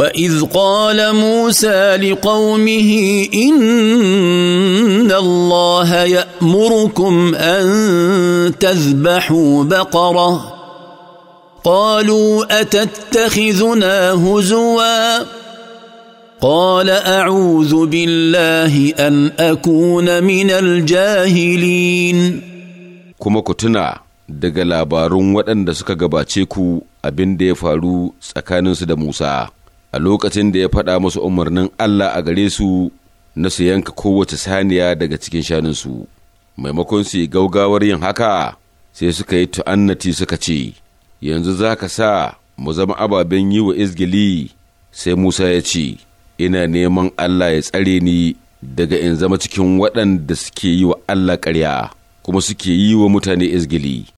واذ قال موسى لقومه ان الله يامركم ان تذبحوا بقره قالوا اتتخذنا هزوا قال اعوذ بالله ان اكون من الجاهلين kuma ku tuna daga labarun waɗanda suka gabace ku abin da ya faru tsakaninsu da Musa. a lokacin da ya faɗa musu umarnin Allah a gare su na su yanka kowace saniya daga cikin shanunsu maimakon su yi gaugawar yin haka sai suka yi tu'annati suka ce yanzu za ka sa mu zama ababen yi wa izgili sai Musa ya ce ina neman Allah ya tsare ni daga in zama cikin waɗanda suke yi wa Allah ƙarya kuma suke yi wa mutane izgili